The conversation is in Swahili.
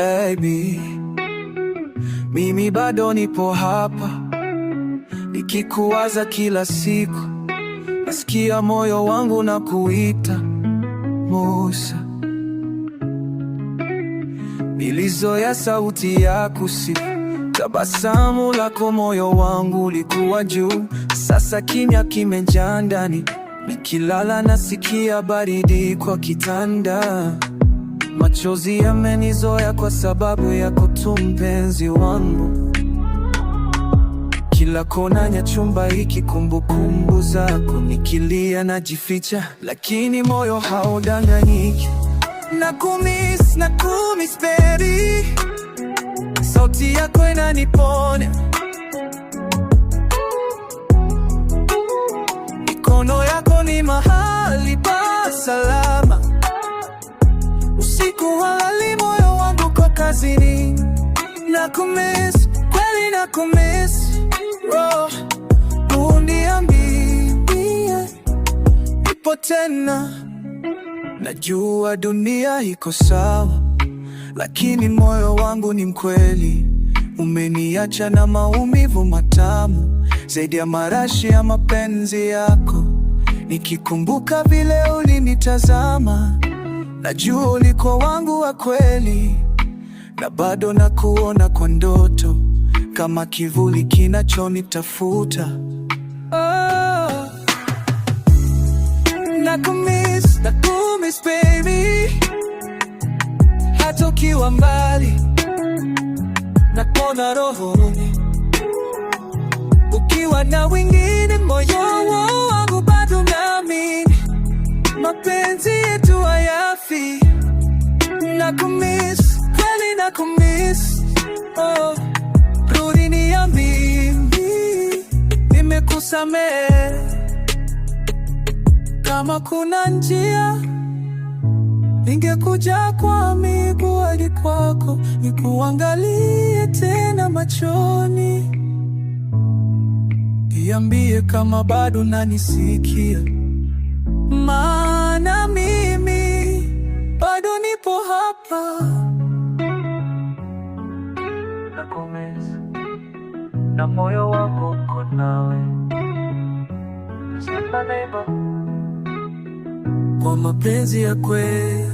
baby, mimi bado nipo hapa nikikuwaza kila siku, nasikia moyo wangu na kuita Musa. nilizoya sauti yako sifu, tabasamu lako moyo wangu likuwa juu. Sasa kimya kimejaa ndani, nikilala nasikia baridi kwa kitanda. Machozi menizoya kwa sababu yako tu, mpenzi wangu. Kila kona ya chumba hiki, kumbukumbu zako, nikilia najificha, lakini moyo haudanganyiki. Nakumiss, nakumiss baby, sauti yako inaniponya, mikono yako ni mahali pa salama na kumiss, kweli na kumiss uniambie ipo tena. Najua dunia iko sawa, lakini moyo wangu ni mkweli. Umeniacha na maumivu matamu zaidi ya marashi ya mapenzi yako. Nikikumbuka vile ulinitazama, najua uliko wangu wa kweli na bado na kuona kwa ndoto kama kivuli kinachonitafuta Nakumiss, nakumiss baby, hata ukiwa mbali nakona rohoni, ukiwa na wengine moyo wangu bado naamini mapenzi yetu hayafi. Nakumiss na kumiss oh, rudi niya nimekusamehe kama kuna njia ningekuja kwa miguu hadi kwako, nikuangalie tena machoni, niambie kama bado nanisikia maana na moyo wangu uko nawe. kwa mapenzi ya kweli